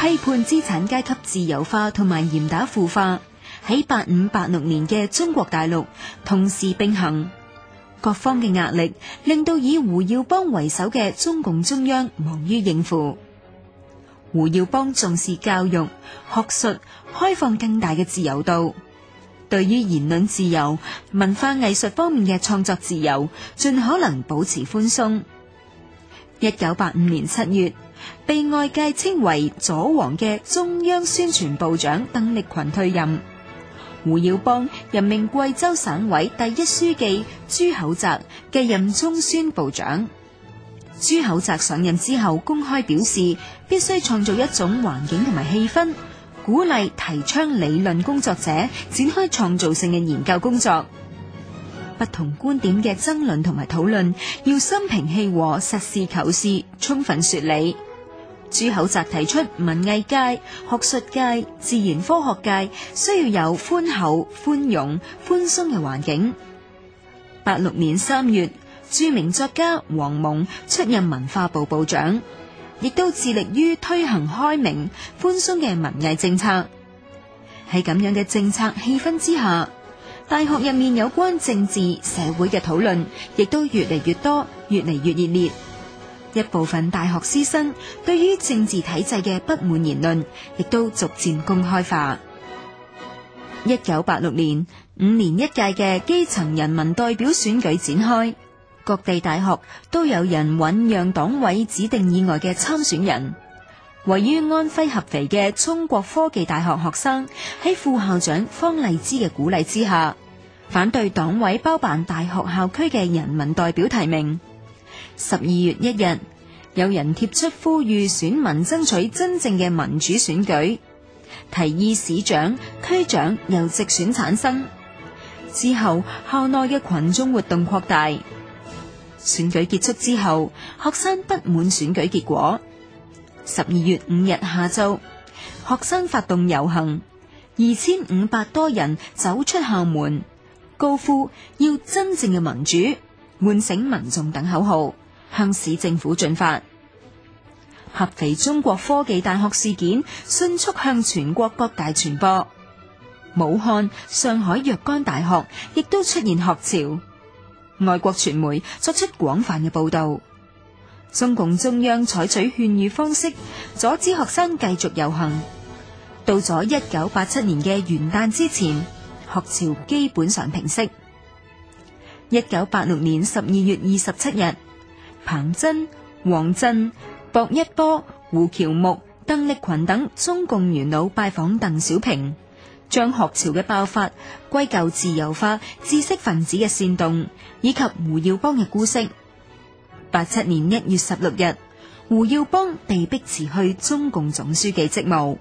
批判資產階級自由化同埋嚴打腐化，喺八五八六年嘅中國大陸同時並行，各方嘅壓力令到以胡耀邦為首嘅中共中央忙於應付。胡耀邦重視教育、學術、開放更大嘅自由度，對於言論自由、文化藝術方面嘅創作自由，盡可能保持寬鬆。一九八五年七月，被外界稱為左王嘅中央宣傳部長鄧力群退任，胡耀邦任命貴州省委第一書記朱厚澤繼任中宣部長。朱厚澤上任之後，公開表示必須創造一種環境同埋氣氛，鼓勵提倡理論工作者展開創造性嘅研究工作。不同觀點嘅爭論同埋討論，要心平氣和、實事求是、充分說理。朱厚澤提出文藝界、學術界、自然科學界需要有寬厚、寬容、寬鬆嘅環境。八六年三月，著名作家王蒙出任文化部部長，亦都致力於推行開明、寬鬆嘅文藝政策。喺咁樣嘅政策氣氛之下，大學入面有關政治、社會嘅討論，亦都越嚟越多，越嚟越熱烈。一部分大學師生對於政治體制嘅不滿言論，亦都逐漸公開化。一九八六年，五年一屆嘅基層人民代表選舉展開，各地大學都有人醞釀黨委指定以外嘅參選人。位於安徽合肥嘅中國科技大學學生喺副校長方勵之嘅鼓勵之下，反對黨委包辦大學校區嘅人民代表提名。十二月一日，有人貼出呼籲選民爭取真正嘅民主選舉，提議市長、區長由直選產生。之後，校內嘅群眾活動擴大。選舉結束之後，學生不滿選舉結果。十二月五日下晝，學生發動遊行，二千五百多人走出校門，高呼要真正嘅民主、喚醒民眾等口號。向市政府進發，合肥中國科技大學事件迅速向全國各大傳播，武漢、上海若干大學亦都出現學潮，外國傳媒作出廣泛嘅報道。中共中央採取勸喻方式，阻止學生繼續遊行。到咗一九八七年嘅元旦之前，學潮基本上平息。一九八六年十二月二十七日，彭真、王震、薄一波、胡喬木、鄧力群等中共元老拜訪鄧小平，將學潮嘅爆發歸咎自由化、知識分子嘅煽動以及胡耀邦嘅姑息。八七年一月十六日，胡耀邦被迫辭去中共總書記職務。